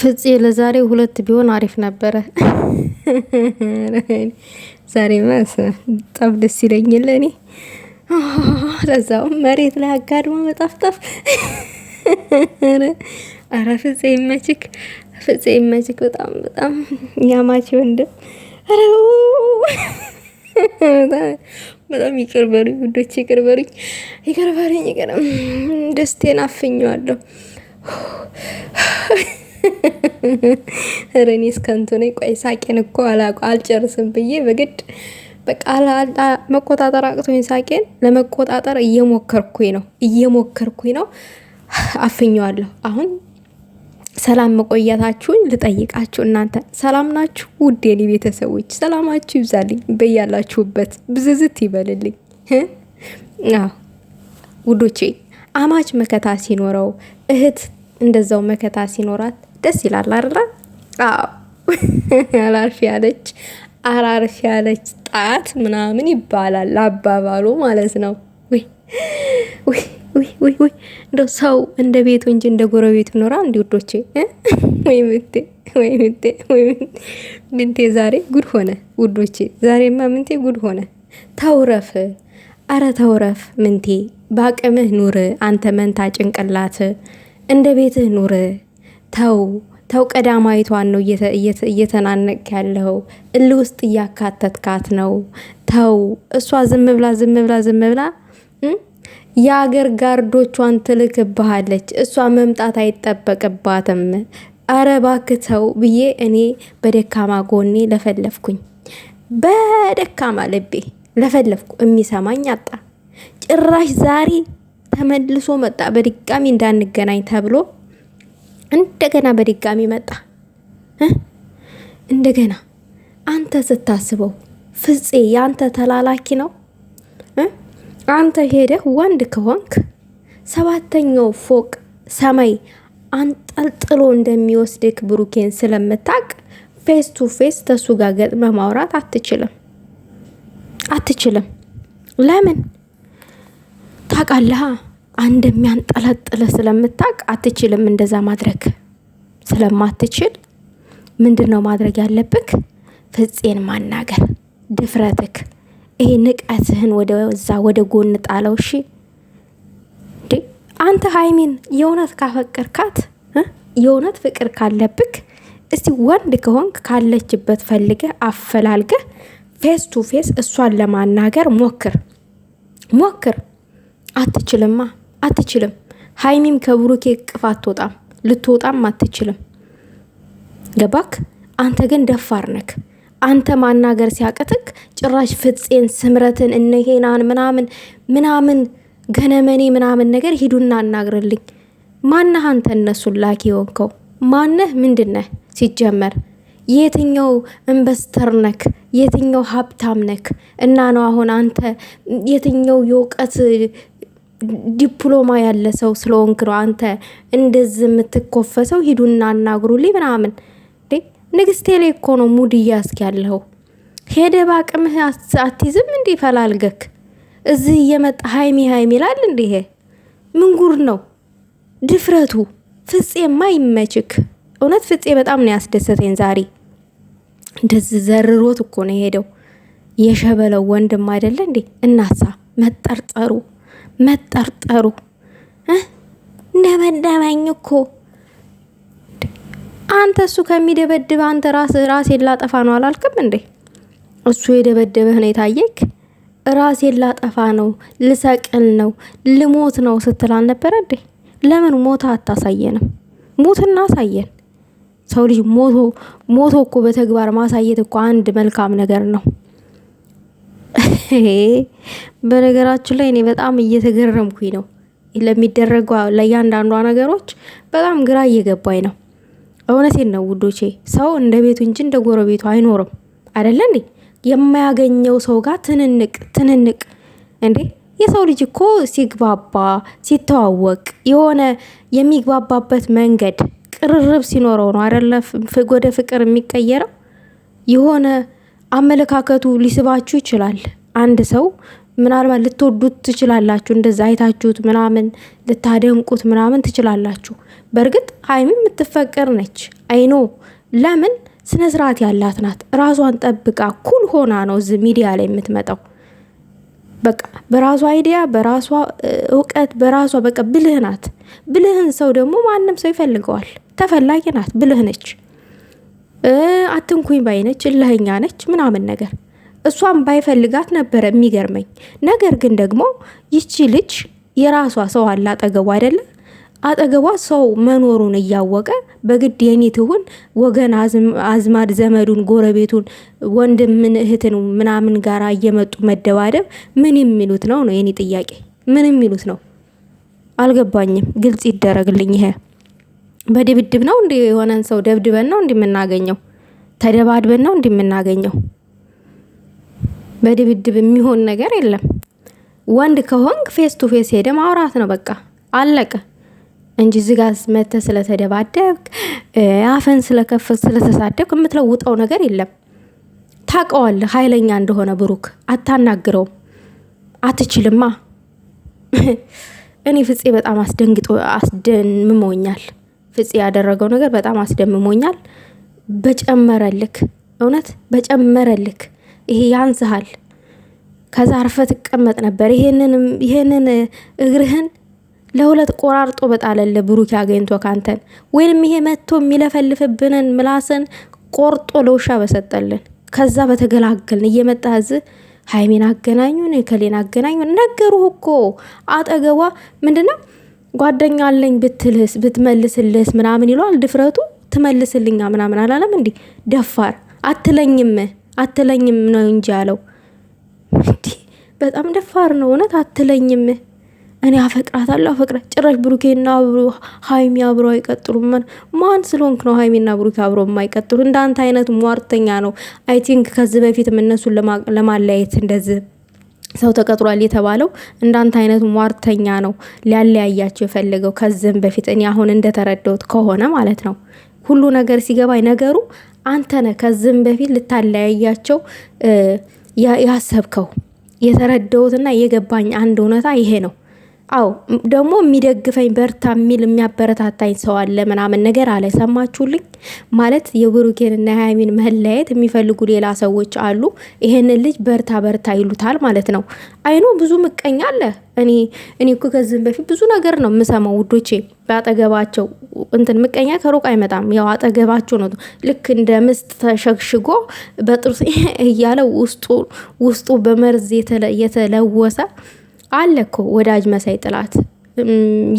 ፍፄ ለዛሬ ሁለት ቢሆን አሪፍ ነበረ። ዛሬ ማስ ጠብ ደስ ይለኝ ለኔ ለዛውም መሬት ላይ አጋድሞ መጠፍጠፍ። አረ ፍፄ ይመችክ፣ ፍፄ ይመችክ። በጣም በጣም ያማች ወንድም። አረ በጣም ይቅር በሉኝ ውዶች፣ ይቅር በሉኝ፣ ይቅር በሉኝ። ይቅር ደስቴን አፍኘዋለሁ። ኧረ እኔስ ከንቱ ነኝ። ቆይ ሳቄን እኮ አልጨርስም ብዬ በግድ በቃ መቆጣጠር አቅቶኝ ሳቄን ለመቆጣጠር እየሞከርኩኝ ነው እየሞከርኩኝ ነው። አፍኘዋለሁ። አሁን ሰላም መቆየታችሁን ልጠይቃችሁ። እናንተ ሰላም ናችሁ? ውድ ቤተሰቦች ሰላማችሁ ይብዛልኝ፣ በያላችሁበት ብዝዝት ይበልልኝ። አዎ ውዶቼ አማች መከታ ሲኖረው እህት እንደዛው መከታ ሲኖራት ደስ ይላል አይደለ? አላርፊ ያለች አራርፊ ያለች ጣት ምናምን ይባላል አባባሉ ማለት ነው። እንደ ሰው እንደ ቤቱ እንጂ እንደ ጎረቤቱ ኖራ እንዲ ውዶቼ፣ ወይ ምንቴ፣ ምንቴ፣ ዛሬ ጉድ ሆነ ውዶቼ። ዛሬማ ምንቴ ጉድ ሆነ። ተውረፍ፣ አረ ተውረፍ ምንቴ። በአቅምህ ኑር አንተ መንታ ጭንቅላት፣ እንደ ቤትህ ኑር። ተው ተው ቀዳማዊቷን ነው እየተናነቅ ያለው እል ውስጥ እያካተትካት ነው። ተው እሷ ዝም ብላ ዝም ብላ ዝም ብላ የአገር ጋርዶቿን ትልክብሃለች። እሷ መምጣት አይጠበቅባትም። አረ እባክህ ተው ብዬ እኔ በደካማ ጎኔ ለፈለፍኩኝ፣ በደካማ ልቤ ለፈለፍኩ፣ የሚሰማኝ አጣ። ጭራሽ ዛሬ ተመልሶ መጣ። በድጋሚ እንዳንገናኝ ተብሎ እንደገና በድጋሚ መጣ። እንደገና አንተ ስታስበው ፍፄ የአንተ ተላላኪ ነው። አንተ ሄደህ ወንድ ከሆንክ ሰባተኛው ፎቅ ሰማይ አንጠልጥሎ እንደሚወስድክ ብሩኬን ስለምታቅ ፌስ ቱ ፌስ ተሱ ጋር ገጥመ ማውራት አትችልም አትችልም። ለምን ታቃለሃ? እንደሚያንጠለጥል ስለምታቅ አትችልም እንደዛ ማድረግ ስለማትችል ምንድን ነው ማድረግ ያለብክ? ፍፄን ማናገር ድፍረትክ። ይሄ ንቀትህን ወደዛ ወደ ጎን ጣለው። እሺ አንተ ሀይሚን የእውነት ካፈቀርካት የእውነት ፍቅር ካለብክ እስቲ ወንድ ከሆንክ ካለችበት ፈልገ አፈላልገ ፌስ ቱ ፌስ እሷን ለማናገር ሞክር ሞክር። አትችልማ። አትችልም። ሀይሚም ከብሩኬ ቅፍ አትወጣም፣ ልትወጣም አትችልም። ገባክ? አንተ ግን ደፋር ነክ። አንተ ማናገር ሲያቅትክ ጭራሽ ፍፄን፣ ስምረትን፣ እነሄናን ምናምን ምናምን ገነመኔ ምናምን ነገር ሂዱና አናግርልኝ። ማነህ አንተ እነሱን ላኪ የሆንከው ማነህ? ምንድነህ ሲጀመር የትኛው ኢንቨስተር ነክ? የትኛው ሀብታም ነክ? እና ነው አሁን አንተ የትኛው የእውቀት ዲፕሎማ ያለ ሰው ስለሆንክ ነው አንተ እንደዚህ የምትኮፈሰው። ሂዱና አናግሩልኝ ምናምን። ንግስቴ ላይ እኮ ነው ሙድ እያስክ ያለው። ሄደ በአቅምህ አትይዝም እንዴ? ፈላልገክ እዚህ እየመጣ ሀይሚ ሀይሚ ይላል እንዴ? ምንጉር ነው ድፍረቱ። ፍፄማ ይመችክ። እውነት ፍፄ በጣም ነው ያስደሰተኝ ዛሬ። እንደዚህ ዘርሮት እኮ ነው የሄደው። የሸበለው ወንድም አይደለ እንዴ? እናሳ መጠርጠሩ መጠርጠሩ ደበደበኝ እኮ አንተ እሱ ከሚደበድብ አንተ ራስ ራሴን ላጠፋ ነው አላልክም እንዴ? እሱ የደበደበህ ነው የታየክ። ራሴን ላጠፋ ነው ልሰቅል ነው ልሞት ነው ስትል አልነበረ እንዴ? ለምን ሞታ አታሳየንም? ሞት እናሳየን። ሰው ልጅ ሞቶ ሞቶ እኮ በተግባር ማሳየት እኮ አንድ መልካም ነገር ነው። በነገራችን ላይ እኔ በጣም እየተገረምኩኝ ነው ለሚደረጉ ለእያንዳንዷ ነገሮች በጣም ግራ እየገባኝ ነው። እውነቴን ነው ውዶቼ፣ ሰው እንደ ቤቱ እንጂ እንደ ጎረቤቱ አይኖርም አይደለ እንዴ? የማያገኘው ሰው ጋር ትንንቅ ትንንቅ እንዴ! የሰው ልጅ እኮ ሲግባባ ሲተዋወቅ የሆነ የሚግባባበት መንገድ ቅርርብ ሲኖረው ነው አይደለ ወደ ፍቅር የሚቀየረው የሆነ አመለካከቱ ሊስባችሁ ይችላል። አንድ ሰው ምናልባት ልትወዱት ትችላላችሁ፣ እንደዛ አይታችሁት ምናምን ልታደንቁት ምናምን ትችላላችሁ። በእርግጥ ሀይሚ የምትፈቀር ነች። አይኖ ለምን ስነ ስርዓት ያላት ናት። ራሷን ጠብቃ ኩል ሆና ነው እዚህ ሚዲያ ላይ የምትመጣው። በቃ በራሷ አይዲያ፣ በራሷ እውቀት፣ በራሷ በቃ ብልህ ናት። ብልህን ሰው ደግሞ ማንም ሰው ይፈልገዋል። ተፈላጊ ናት። ብልህ ነች። አትንኩኝ ባይነች እልኸኛ ነች ምናምን ነገር እሷም ባይፈልጋት ነበረ የሚገርመኝ ነገር ግን ደግሞ ይቺ ልጅ የራሷ ሰው አለ አጠገቧ አይደለ አጠገቧ ሰው መኖሩን እያወቀ በግድ የኔ ትሁን ወገን አዝማድ ዘመዱን ጎረቤቱን ወንድምን እህትን ምናምን ጋር እየመጡ መደባደብ ምን የሚሉት ነው ነው የኔ ጥያቄ ምን የሚሉት ነው አልገባኝም ግልጽ ይደረግልኝ ይሄ በድብድብ ነው እንዲ የሆነን ሰው ደብድበን ነው የምናገኘው ተደባድበን ነው የምናገኘው በድብድብ የሚሆን ነገር የለም። ወንድ ከሆንክ ፌስ ቱ ፌስ ሄደ ማውራት ነው በቃ አለቀ እንጂ ዝጋ መተ ስለተደባደብክ አፈን ስለከፈት ስለተሳደብክ የምትለውጠው ነገር የለም። ታውቀዋለህ ኃይለኛ እንደሆነ ብሩክ፣ አታናግረውም። አትችልማ። እኔ ፍፄ በጣም አስደንግጦ አስደምሞኛል። ፍጽ ያደረገው ነገር በጣም አስደምሞኛል። በጨመረልክ እውነት በጨመረልክ ይሄ ያንስሃል። ከዛ አርፈ ትቀመጥ ነበር። ይሄንን እግርህን ለሁለት ቆራርጦ በጣለለ ብሩክ አገኝቶ ካንተን ወይንም ይሄ መጥቶ የሚለፈልፍብንን ምላስን ቆርጦ ለውሻ በሰጠልን ከዛ በተገላገልን እየመጣ እዚህ ሀይሜን አገናኙን ከሌን አገናኙን ነገሩ እኮ አጠገቧ ምንድነው ጓደኛ አለኝ ብትልህስ ብትመልስልህስ ምናምን ይለዋል። ድፍረቱ ትመልስልኛ ምናምን አላለም እንዴ? ደፋር አትለኝም አትለኝም ነው እንጂ ያለው። እንዲህ በጣም ደፋር ነው እውነት። አትለኝም እኔ አፈቅራታለሁ አፈቅራ ጭራሽ ብሩኬና አብሮ ሀይሚ አብሮ አይቀጥሉም። ማን ስለሆንክ ነው ሀይሚና ብሩኬ አብሮ የማይቀጥሉ? እንዳንተ አይነት ሟርተኛ ነው። አይ ቲንክ ከዚህ በፊት እነሱን ለማለያየት እንደዚህ ሰው ተቀጥሯል የተባለው እንዳንተ አይነት ሟርተኛ ነው ሊያለያያቸው የፈለገው። ከዚህም በፊት እኔ አሁን እንደተረዳሁት ከሆነ ማለት ነው ሁሉ ነገር ሲገባኝ ነገሩ አንተ ነህ። ከዚህም በፊት ልታለያያቸው ያሰብከው የተረዳሁትና የገባኝ አንድ እውነታ ይሄ ነው። አው ደግሞ የሚደግፈኝ በርታ የሚል የሚያበረታታኝ ሰው አለ ምናምን ነገር አለ። ሰማችሁልኝ? ማለት የብሩኬንና የሀይሚን መለያየት የሚፈልጉ ሌላ ሰዎች አሉ። ይሄንን ልጅ በርታ በርታ ይሉታል ማለት ነው። አይኖ ብዙ ምቀኛ አለ። እኔ እኔ እኮ ከዚህም በፊት ብዙ ነገር ነው የምሰማው ውዶቼ። በአጠገባቸው እንትን ምቀኛ ከሩቅ አይመጣም። ያው አጠገባቸው ነው። ልክ እንደ ምስጥ ተሸግሽጎ በጥርስ እያለ ውስጡ ውስጡ በመርዝ የተለወሰ አለ ወዳጅ መሳይ ጥላት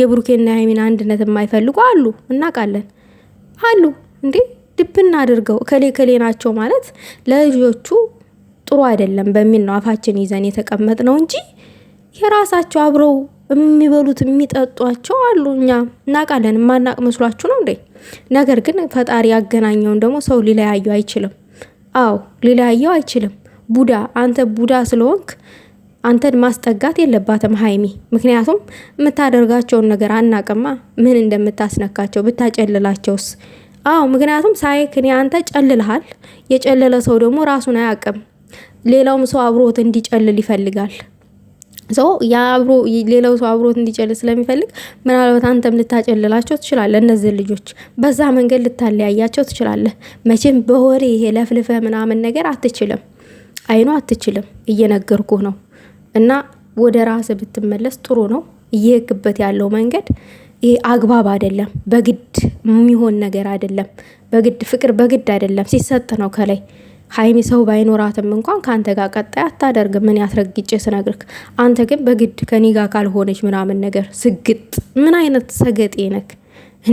የብሩኬና ሀይሚን አንድነት የማይፈልጉ አሉ፣ እናውቃለን አሉ። እንዴ ድብና አድርገው ከሌ ከሌ ናቸው ማለት ለልጆቹ ጥሩ አይደለም በሚል ነው አፋችን ይዘን የተቀመጥ ነው እንጂ የራሳቸው አብረው የሚበሉት የሚጠጧቸው አሉ። እኛ እናውቃለን። የማናቅ መስሏችሁ ነው እንዴ? ነገር ግን ፈጣሪ ያገናኘውን ደግሞ ሰው ሊለያየው አይችልም። አዎ ሊለያየው አይችልም። ቡዳ አንተ ቡዳ ስለሆንክ አንተን ማስጠጋት የለባትም ሀይሚ። ምክንያቱም የምታደርጋቸውን ነገር አናቅማ ምን እንደምታስነካቸው ብታጨልላቸውስ? አዎ ምክንያቱም ሳይክ አንተ ጨልልሃል። የጨለለ ሰው ደግሞ ራሱን አያቅም። ሌላውም ሰው አብሮት እንዲጨልል ይፈልጋል። ሰው የአብሮ ሌላው ሰው አብሮት እንዲጨልል ስለሚፈልግ ምናልባት አንተም ልታጨልላቸው ትችላለህ። እነዚህ ልጆች በዛ መንገድ ልታለያያቸው ትችላለህ። መቼም በወሬ ይሄ ለፍልፈ ምናምን ነገር አትችልም። አይኖ አትችልም። እየነገርኩ ነው። እና ወደ ራስ ብትመለስ ጥሩ ነው። እየሄድክበት ያለው መንገድ ይሄ አግባብ አይደለም። በግድ የሚሆን ነገር አይደለም። በግድ ፍቅር በግድ አይደለም፣ ሲሰጥ ነው ከላይ ሀይሚ ሰው ባይኖራትም እንኳን ከአንተ ጋር ቀጣይ አታደርግ። ምን ያስረግጭ ስነግርክ፣ አንተ ግን በግድ ከኔ ጋር ካልሆነች ምናምን ነገር ስግጥ። ምን አይነት ሰገጤ ነክ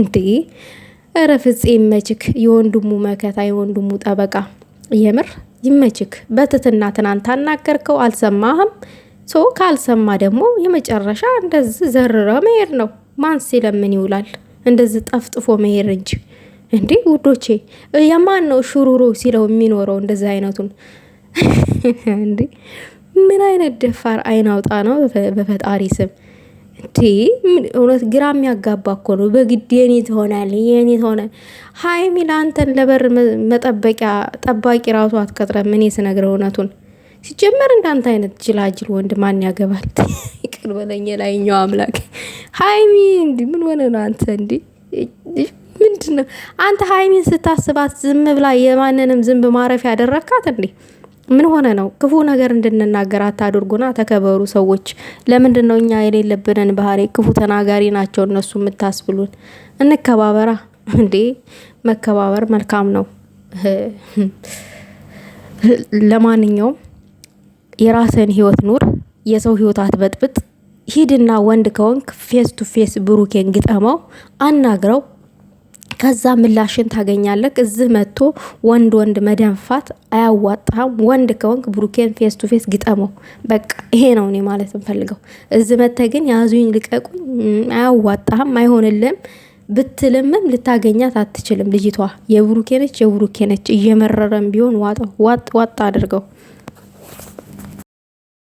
እንዴ! ኧረ ፍፄ ይመችክ። የወንድሙ መከታ፣ የወንድሙ ጠበቃ፣ የምር ይመችክ። በትትና ትናንት አናገርከው፣ አልሰማህም። ሶ ካልሰማ ደግሞ የመጨረሻ እንደዚህ ዘርረ መሄድ ነው። ማን ሲለምን ይውላል? እንደዚህ ጠፍጥፎ መሄድ እንጂ እንዲህ ውዶቼ፣ የማን ነው ሹሩሩ ሲለው የሚኖረው? እንደዚህ አይነቱን እንዴ ምን አይነት ደፋር አይናውጣ ነው በፈጣሪ ስም እንዲ እውነት ግራ የሚያጋባ እኮ ነው። በግድ የኔ ትሆናል የኔ ትሆነ ሀይሚ ለአንተን ለበር መጠበቂያ ጠባቂ ራሱ አትቀጥረም። እኔ ስነግር እውነቱን ሲጀመር እንዳንተ አይነት ጅላጅል ወንድ ማን ያገባል? ይቅር በለኝ ላይኛው አምላክ። ሀይሚ እንዲ ምን ሆነ ነው አንተ? እንዲ ምንድን ነው አንተ? ሀይሚን ስታስባት ዝም ብላ የማንንም ዝንብ ማረፍ ያደረካት እንዴ? ምን ሆነ ነው? ክፉ ነገር እንድንናገር አታድርጉና ተከበሩ ሰዎች። ለምንድን ነው እኛ የሌለብንን ባህሪ ክፉ ተናጋሪ ናቸው እነሱ የምታስብሉን? እንከባበራ እንዴ! መከባበር መልካም ነው። ለማንኛውም የራስን ህይወት ኑር፣ የሰው ህይወት አትበጥብጥ። ሂድና ወንድ ከሆንክ ፌስ ቱ ፌስ ብሩኬን ግጠመው፣ አናግረው። ከዛ ምላሽን ታገኛለህ። እዚህ መጥቶ ወንድ ወንድ መደንፋት አያዋጣህም። ወንድ ከወንክ ብሩኬን ፌስ ቱ ፌስ ግጠመው። በቃ ይሄ ነው እኔ ማለት እንፈልገው። እዚህ መጥተህ ግን ያዙኝ ልቀቁኝ፣ አያዋጣህም፣ አይሆንልም ብትልምም ልታገኛት አትችልም። ልጅቷ የብሩኬነች የብሩኬነች እየመረረም ቢሆን ዋጥ ዋጥ አድርገው።